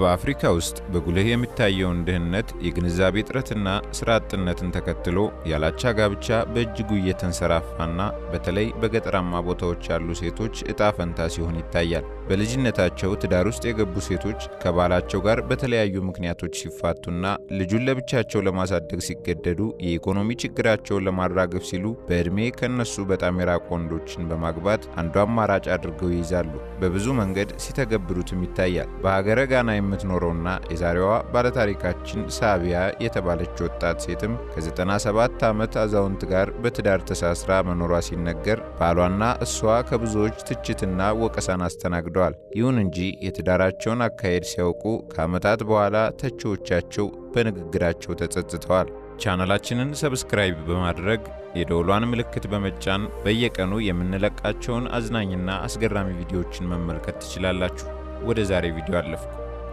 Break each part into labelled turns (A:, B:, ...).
A: በአፍሪካ ውስጥ በጉልህ የሚታየውን ድህነት፣ የግንዛቤ እጥረትና ስራ አጥነትን ተከትሎ ያላቻ ጋብቻ በእጅጉ እየተንሰራፋና በተለይ በገጠራማ ቦታዎች ያሉ ሴቶች እጣ ፈንታ ሲሆን ይታያል። በልጅነታቸው ትዳር ውስጥ የገቡ ሴቶች ከባላቸው ጋር በተለያዩ ምክንያቶች ሲፋቱና ልጁን ለብቻቸው ለማሳደግ ሲገደዱ የኢኮኖሚ ችግራቸውን ለማራገፍ ሲሉ በዕድሜ ከነሱ በጣም የራቁ ወንዶችን በማግባት አንዱ አማራጭ አድርገው ይይዛሉ። በብዙ መንገድ ሲተገብሩትም ይታያል። በሀገረ ጋና የምትኖረውና የዛሬዋ ባለታሪካችን ሳቢያ የተባለች ወጣት ሴትም ከ97 ዓመት አዛውንት ጋር በትዳር ተሳስራ መኖሯ ሲነገር ባሏና እሷ ከብዙዎች ትችትና ወቀሳን አስተናግዱ ተዋርደዋል። ይሁን እንጂ የትዳራቸውን አካሄድ ሲያውቁ ከዓመታት በኋላ ተቺዎቻቸው በንግግራቸው ተጸጽተዋል። ቻናላችንን ሰብስክራይብ በማድረግ የደወሏን ምልክት በመጫን በየቀኑ የምንለቃቸውን አዝናኝና አስገራሚ ቪዲዮዎችን መመልከት ትችላላችሁ። ወደ ዛሬ ቪዲዮ አለፍኩ።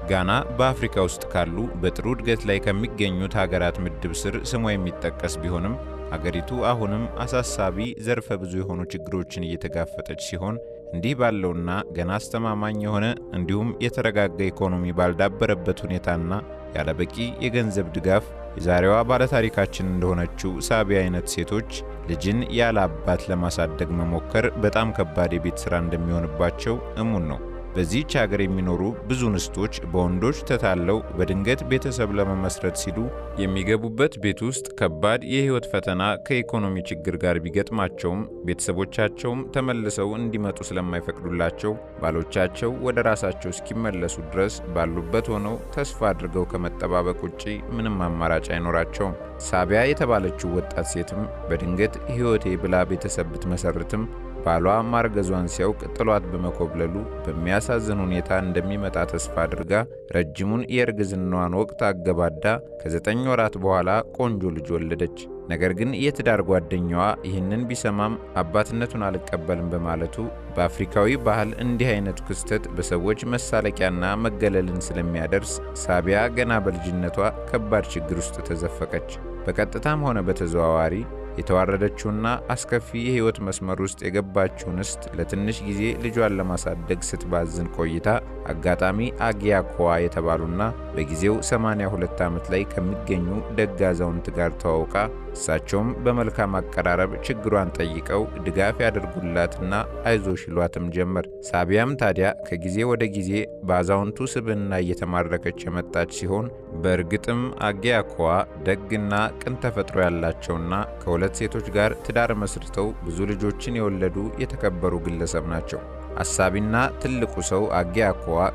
A: ጋና በአፍሪካ ውስጥ ካሉ በጥሩ እድገት ላይ ከሚገኙት ሀገራት ምድብ ስር ስሟ የሚጠቀስ ቢሆንም አገሪቱ አሁንም አሳሳቢ ዘርፈ ብዙ የሆኑ ችግሮችን እየተጋፈጠች ሲሆን እንዲህ ባለውና ገና አስተማማኝ የሆነ እንዲሁም የተረጋጋ ኢኮኖሚ ባልዳበረበት ሁኔታና ያለ በቂ የገንዘብ ድጋፍ የዛሬዋ ባለታሪካችን እንደሆነችው ሳቢ አይነት ሴቶች ልጅን ያለ አባት ለማሳደግ መሞከር በጣም ከባድ የቤት ሥራ እንደሚሆንባቸው እሙን ነው። በዚህች ሀገር የሚኖሩ ብዙ ንስቶች በወንዶች ተታለው በድንገት ቤተሰብ ለመመስረት ሲሉ የሚገቡበት ቤት ውስጥ ከባድ የህይወት ፈተና ከኢኮኖሚ ችግር ጋር ቢገጥማቸውም ቤተሰቦቻቸውም ተመልሰው እንዲመጡ ስለማይፈቅዱላቸው ባሎቻቸው ወደ ራሳቸው እስኪመለሱ ድረስ ባሉበት ሆነው ተስፋ አድርገው ከመጠባበቅ ውጪ ምንም አማራጭ አይኖራቸውም። ሳቢያ የተባለችው ወጣት ሴትም በድንገት ህይወቴ ብላ ቤተሰብ ብትመሰርትም ባሏ ማርገዟን ሲያውቅ ጥሏት በመኮብለሉ በሚያሳዝን ሁኔታ እንደሚመጣ ተስፋ አድርጋ ረጅሙን የእርግዝናዋን ወቅት አገባዳ ከዘጠኝ ወራት በኋላ ቆንጆ ልጅ ወለደች። ነገር ግን የትዳር ጓደኛዋ ይህንን ቢሰማም አባትነቱን አልቀበልም በማለቱ በአፍሪካዊ ባህል እንዲህ አይነቱ ክስተት በሰዎች መሳለቂያና መገለልን ስለሚያደርስ ሳቢያ ገና በልጅነቷ ከባድ ችግር ውስጥ ተዘፈቀች። በቀጥታም ሆነ በተዘዋዋሪ የተዋረደችውና አስከፊ የህይወት መስመር ውስጥ የገባችው ንስት ለትንሽ ጊዜ ልጇን ለማሳደግ ስትባዝን ቆይታ አጋጣሚ አጊያኮዋ የተባሉና በጊዜው 82 ዓመት ላይ ከሚገኙ ደግ አዛውንት ጋር ተዋውቃ እሳቸውም በመልካም አቀራረብ ችግሯን ጠይቀው ድጋፍ ያደርጉላትና አይዞሽ ይሏትም ጀመር። ሳቢያም ታዲያ ከጊዜ ወደ ጊዜ በአዛውንቱ ስብዕና እየተማረከች የመጣች ሲሆን በእርግጥም አጌያኮዋ ደግና ቅን ተፈጥሮ ያላቸውና ከሁለት ሴቶች ጋር ትዳር መስርተው ብዙ ልጆችን የወለዱ የተከበሩ ግለሰብ ናቸው። አሳቢና ትልቁ ሰው አጌ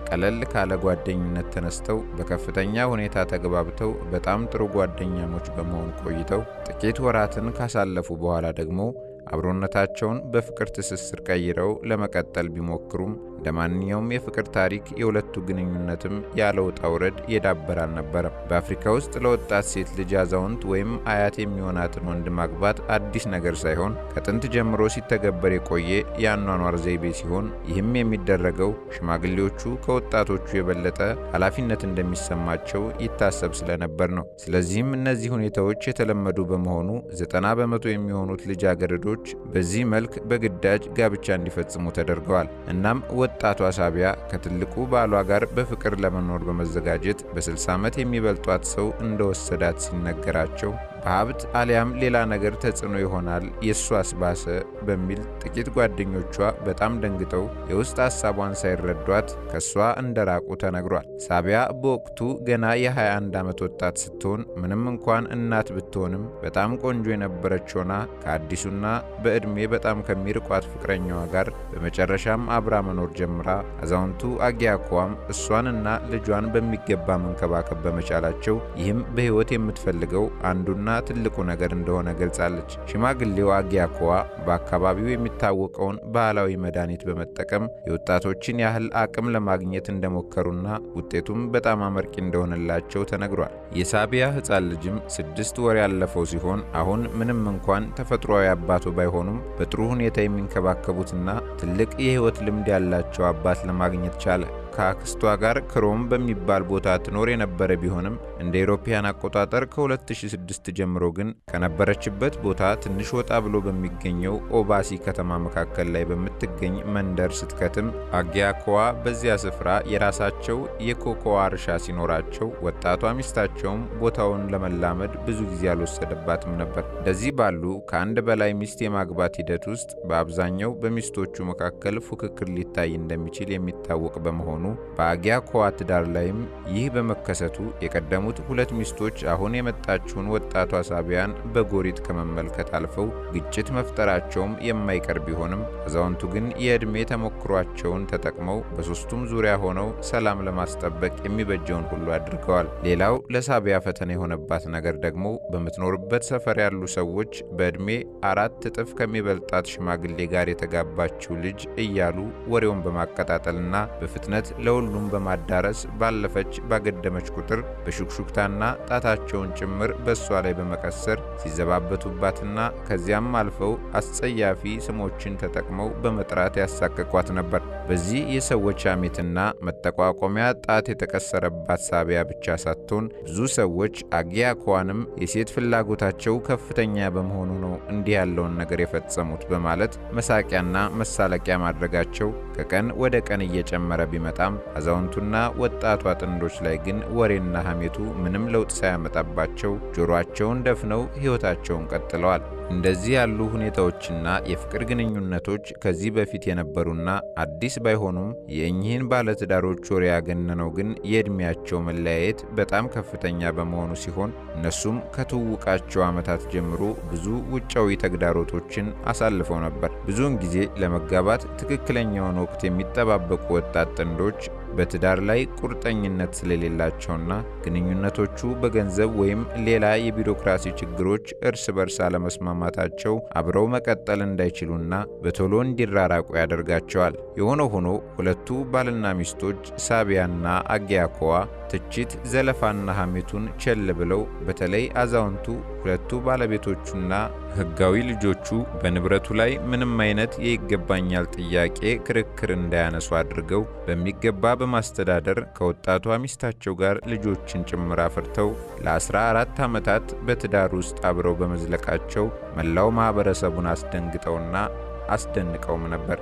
A: ቀለል ካለ ጓደኝነት ተነስተው በከፍተኛ ሁኔታ ተግባብተው በጣም ጥሩ ጓደኛሞች በመሆን ቆይተው ጥቂት ወራትን ካሳለፉ በኋላ ደግሞ አብሮነታቸውን በፍቅር ትስስር ቀይረው ለመቀጠል ቢሞክሩም ለማንኛውም የፍቅር ታሪክ የሁለቱ ግንኙነትም ያለ ውጣ ውረድ የዳበር አልነበረም። በአፍሪካ ውስጥ ለወጣት ሴት ልጅ አዛውንት ወይም አያት የሚሆናትን ወንድ ማግባት አዲስ ነገር ሳይሆን ከጥንት ጀምሮ ሲተገበር የቆየ የአኗኗር ዘይቤ ሲሆን ይህም የሚደረገው ሽማግሌዎቹ ከወጣቶቹ የበለጠ ኃላፊነት እንደሚሰማቸው ይታሰብ ስለነበር ነው። ስለዚህም እነዚህ ሁኔታዎች የተለመዱ በመሆኑ ዘጠና በመቶ የሚሆኑት ልጃገረዶች በዚህ መልክ በግዳጅ ጋብቻ እንዲፈጽሙ ተደርገዋል። እናም ወጥ ወጣቷ ሳቢያ ከትልቁ ባሏ ጋር በፍቅር ለመኖር በመዘጋጀት በ60 ዓመት የሚበልጧት ሰው እንደወሰዳት ሲነገራቸው ሀብት አሊያም ሌላ ነገር ተጽዕኖ ይሆናል የእሱ አስባሰ በሚል ጥቂት ጓደኞቿ በጣም ደንግጠው የውስጥ ሀሳቧን ሳይረዷት ከእሷ እንደራቁ ተነግሯል። ሳቢያ በወቅቱ ገና የ21 ዓመት ወጣት ስትሆን ምንም እንኳን እናት ብትሆንም በጣም ቆንጆ የነበረች ሆና ከአዲሱና በዕድሜ በጣም ከሚርቋት ፍቅረኛዋ ጋር በመጨረሻም አብራ መኖር ጀምራ አዛውንቱ አጊያኳም እሷንና ልጇን በሚገባ መንከባከብ በመቻላቸው ይህም በሕይወት የምትፈልገው አንዱና ትልቁ ነገር እንደሆነ ገልጻለች። ሽማግሌው አጊያኮዋ በአካባቢው የሚታወቀውን ባህላዊ መድኃኒት በመጠቀም የወጣቶችን ያህል አቅም ለማግኘት እንደሞከሩና ውጤቱም በጣም አመርቂ እንደሆነላቸው ተነግሯል። የሳቢያ ሕፃን ልጅም ስድስት ወር ያለፈው ሲሆን አሁን ምንም እንኳን ተፈጥሯዊ አባቱ ባይሆኑም በጥሩ ሁኔታ የሚንከባከቡትና ትልቅ የሕይወት ልምድ ያላቸው አባት ለማግኘት ቻለ። ከአክስቷ ጋር ክሮም በሚባል ቦታ ትኖር የነበረ ቢሆንም እንደ ኤሮፓያን አቆጣጠር ከ2006 ጀምሮ ግን ከነበረችበት ቦታ ትንሽ ወጣ ብሎ በሚገኘው ኦባሲ ከተማ መካከል ላይ በምትገኝ መንደር ስትከትም አጊያኮዋ በዚያ ስፍራ የራሳቸው የኮኮዋ እርሻ ሲኖራቸው ወጣቷ ሚስታቸውም ቦታውን ለመላመድ ብዙ ጊዜ አልወሰደባትም ነበር። እንደዚህ ባሉ ከአንድ በላይ ሚስት የማግባት ሂደት ውስጥ በአብዛኛው በሚስቶቹ መካከል ፉክክር ሊታይ እንደሚችል የሚታወቅ በመሆኑ በአጊያኮዋ ትዳር ላይም ይህ በመከሰቱ የቀደሙ የተጠቀሙት ሁለት ሚስቶች አሁን የመጣችውን ወጣቷ ሳቢያን በጎሪጥ ከመመልከት አልፈው ግጭት መፍጠራቸውም የማይቀር ቢሆንም አዛውንቱ ግን የዕድሜ ተሞክሯቸውን ተጠቅመው በሦስቱም ዙሪያ ሆነው ሰላም ለማስጠበቅ የሚበጀውን ሁሉ አድርገዋል። ሌላው ለሳቢያ ፈተና የሆነባት ነገር ደግሞ በምትኖርበት ሰፈር ያሉ ሰዎች በዕድሜ አራት እጥፍ ከሚበልጣት ሽማግሌ ጋር የተጋባችው ልጅ እያሉ ወሬውን በማቀጣጠልና በፍጥነት ለሁሉም በማዳረስ ባለፈች ባገደመች ቁጥር በሹክ ሹክታና ጣታቸውን ጭምር በእሷ ላይ በመቀሰር ሲዘባበቱባትና ከዚያም አልፈው አስጸያፊ ስሞችን ተጠቅመው በመጥራት ያሳቅቋት ነበር። በዚህ የሰዎች ሐሜትና መጠቋቆሚያ ጣት የተቀሰረባት ሳቢያ ብቻ ሳትሆን ብዙ ሰዎች አጊያኳንም የሴት ፍላጎታቸው ከፍተኛ በመሆኑ ነው እንዲህ ያለውን ነገር የፈጸሙት በማለት መሳቂያና መሳለቂያ ማድረጋቸው ከቀን ወደ ቀን እየጨመረ ቢመጣም አዛውንቱና ወጣቷ ጥንዶች ላይ ግን ወሬና ሐሜቱ ምንም ለውጥ ሳያመጣባቸው ጆሮአቸውን ደፍነው ሕይወታቸውን ቀጥለዋል። እንደዚህ ያሉ ሁኔታዎችና የፍቅር ግንኙነቶች ከዚህ በፊት የነበሩና አዲስ ባይሆኑም የእኚህን ባለትዳሮች ወሬ ያገነነው ግን የዕድሜያቸው መለያየት በጣም ከፍተኛ በመሆኑ ሲሆን እነሱም ከትውውቃቸው ዓመታት ጀምሮ ብዙ ውጫዊ ተግዳሮቶችን አሳልፈው ነበር። ብዙውን ጊዜ ለመጋባት ትክክለኛውን ወቅት የሚጠባበቁ ወጣት ጥንዶች በትዳር ላይ ቁርጠኝነት ስለሌላቸውና ግንኙነቶቹ በገንዘብ ወይም ሌላ የቢሮክራሲ ችግሮች እርስ በርስ አለመስማማታቸው አብረው መቀጠል እንዳይችሉና በቶሎ እንዲራራቁ ያደርጋቸዋል። የሆነ ሆኖ ሁለቱ ባልና ሚስቶች ሳቢያና አጊያኮዋ ትችት፣ ዘለፋና ሐሜቱን ቸል ብለው በተለይ አዛውንቱ ሁለቱ ባለቤቶቹና ህጋዊ ልጆቹ በንብረቱ ላይ ምንም አይነት የይገባኛል ጥያቄ ክርክር እንዳያነሱ አድርገው በሚገባ በማስተዳደር ከወጣቷ ሚስታቸው ጋር ልጆችን ጭምር አፍርተው ለ14 ዓመታት በትዳር ውስጥ አብረው በመዝለቃቸው መላው ማኅበረሰቡን አስደንግጠውና አስደንቀውም ነበር።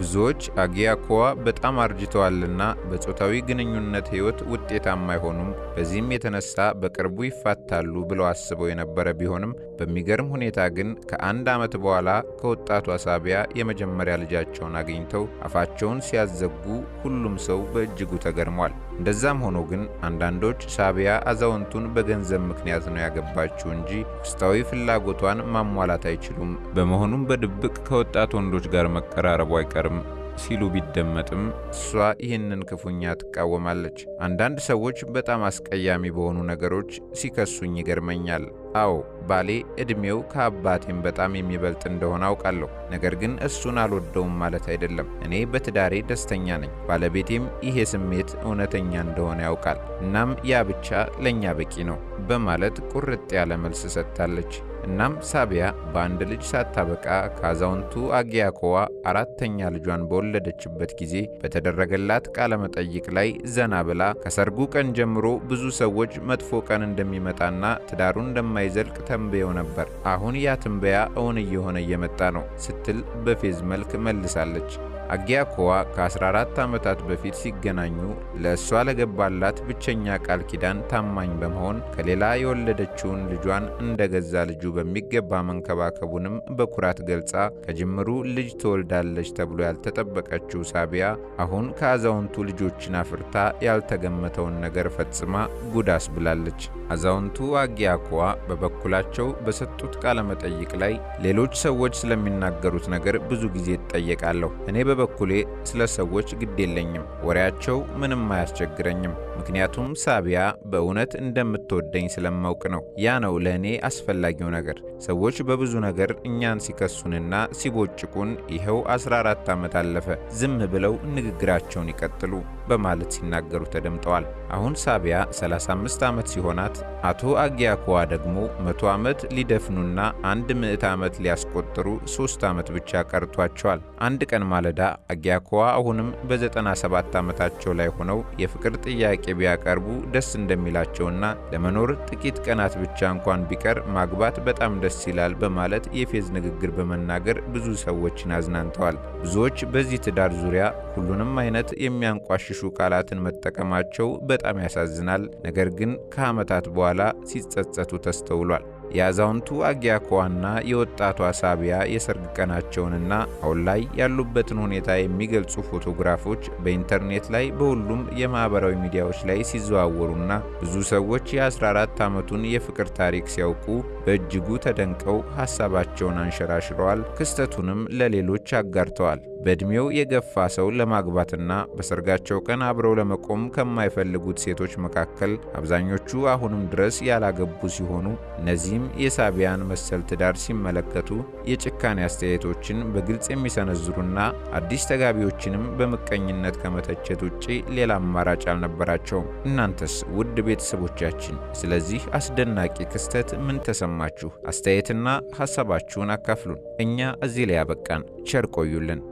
A: ብዙዎች አጊያኮዋ በጣም አርጅተዋልና በጾታዊ ግንኙነት ሕይወት ውጤታማ አይሆኑም፣ በዚህም የተነሳ በቅርቡ ይፋታሉ ብለው አስበው የነበረ ቢሆንም በሚገርም ሁኔታ ግን ከአንድ ዓመት በኋላ ከወጣቷ ሳቢያ የመጀመሪያ ልጃቸውን አግኝተው አፋቸውን ሲያዘጉ ሁሉም ሰው በእጅጉ ተገርሟል። እንደዛም ሆኖ ግን አንዳንዶች ሳቢያ አዛውንቱን በገንዘብ ምክንያት ነው ያገባችው እንጂ ውስጣዊ ፍላጎቷን ማሟላት አይችሉም፣ በመሆኑም በድብቅ ከወጣት ወንዶች ጋር መቀራረቡ አይቀርም ሲሉ ቢደመጥም እሷ ይህንን ክፉኛ ትቃወማለች። አንዳንድ ሰዎች በጣም አስቀያሚ በሆኑ ነገሮች ሲከሱኝ ይገርመኛል። አዎ ባሌ ዕድሜው ከአባቴም በጣም የሚበልጥ እንደሆነ አውቃለሁ። ነገር ግን እሱን አልወደውም ማለት አይደለም። እኔ በትዳሬ ደስተኛ ነኝ። ባለቤቴም ይሄ ስሜት እውነተኛ እንደሆነ ያውቃል። እናም ያ ብቻ ለእኛ በቂ ነው በማለት ቁርጥ ያለ መልስ ሰጥታለች። እናም ሳቢያ በአንድ ልጅ ሳታበቃ ከአዛውንቱ አጊያኮዋ አራተኛ ልጇን በወለደችበት ጊዜ በተደረገላት ቃለ መጠይቅ ላይ ዘና ብላ ከሰርጉ ቀን ጀምሮ ብዙ ሰዎች መጥፎ ቀን እንደሚመጣና ትዳሩ እንደማይዘልቅ ተንብየው ነበር፣ አሁን ያ ትንበያ እውን እየሆነ እየመጣ ነው ስትል በፌዝ መልክ መልሳለች። አጊያኮዋ ከ14 ዓመታት በፊት ሲገናኙ ለእሷ ለገባላት ብቸኛ ቃል ኪዳን ታማኝ በመሆን ከሌላ የወለደችውን ልጇን እንደ ገዛ ልጁ በሚገባ መንከባከቡንም በኩራት ገልጻ ከጅምሩ ልጅ ትወልዳለች ተብሎ ያልተጠበቀችው ሳቢያ አሁን ከአዛውንቱ ልጆችን አፍርታ ያልተገመተውን ነገር ፈጽማ ጉዳስ ብላለች። አዛውንቱ አጊያኮዋ በበኩላቸው በሰጡት ቃለመጠይቅ ላይ ሌሎች ሰዎች ስለሚናገሩት ነገር ብዙ ጊዜ እጠየቃለሁ እኔ በበኩሌ ስለ ሰዎች ግድ የለኝም፣ ወሬያቸው ምንም አያስቸግረኝም። ምክንያቱም ሳቢያ በእውነት እንደምትወደኝ ስለማውቅ ነው። ያ ነው ለእኔ አስፈላጊው ነገር። ሰዎች በብዙ ነገር እኛን ሲከሱንና ሲቦጭቁን ይኸው 14 ዓመት አለፈ፣ ዝም ብለው ንግግራቸውን ይቀጥሉ በማለት ሲናገሩ ተደምጠዋል። አሁን ሳቢያ 35 ዓመት ሲሆናት አቶ አጊያኮዋ ደግሞ 100 ዓመት ሊደፍኑና አንድ ምዕት ዓመት ሊያስቆጥሩ 3 ዓመት ብቻ ቀርቷቸዋል። አንድ ቀን ማለዳ አጊያኮዋ አሁንም በ97 ዓመታቸው ላይ ሆነው የፍቅር ጥያቄ ቢያቀርቡ ደስ እንደሚላቸውና ለመኖር ጥቂት ቀናት ብቻ እንኳን ቢቀር ማግባት በጣም ደስ ይላል በማለት የፌዝ ንግግር በመናገር ብዙ ሰዎችን አዝናንተዋል። ብዙዎች በዚህ ትዳር ዙሪያ ሁሉንም አይነት የሚያንቋሽሹ ቃላትን መጠቀማቸው በጣም ያሳዝናል። ነገር ግን ከዓመታት በኋላ ሲጸጸቱ ተስተውሏል። የአዛውንቱ አጊያኮዋና የወጣቷ ሳቢያ የሰርግ ቀናቸውንና አሁን ላይ ያሉበትን ሁኔታ የሚገልጹ ፎቶግራፎች በኢንተርኔት ላይ በሁሉም የማኅበራዊ ሚዲያዎች ላይ ሲዘዋወሩና ብዙ ሰዎች የ14 ዓመቱን የፍቅር ታሪክ ሲያውቁ በእጅጉ ተደንቀው ሐሳባቸውን አንሸራሽረዋል። ክስተቱንም ለሌሎች አጋርተዋል። በዕድሜው የገፋ ሰው ለማግባትና በሰርጋቸው ቀን አብረው ለመቆም ከማይፈልጉት ሴቶች መካከል አብዛኞቹ አሁንም ድረስ ያላገቡ ሲሆኑ እነዚህም የሳቢያን መሰል ትዳር ሲመለከቱ የጭካኔ አስተያየቶችን በግልጽ የሚሰነዝሩና አዲስ ተጋቢዎችንም በምቀኝነት ከመተቸት ውጪ ሌላ አማራጭ አልነበራቸውም። እናንተስ ውድ ቤተሰቦቻችን ስለዚህ አስደናቂ ክስተት ምን ተሰማችሁ? አስተያየትና ሐሳባችሁን አካፍሉን። እኛ እዚህ ላይ ያበቃን። ቸር ቆዩልን።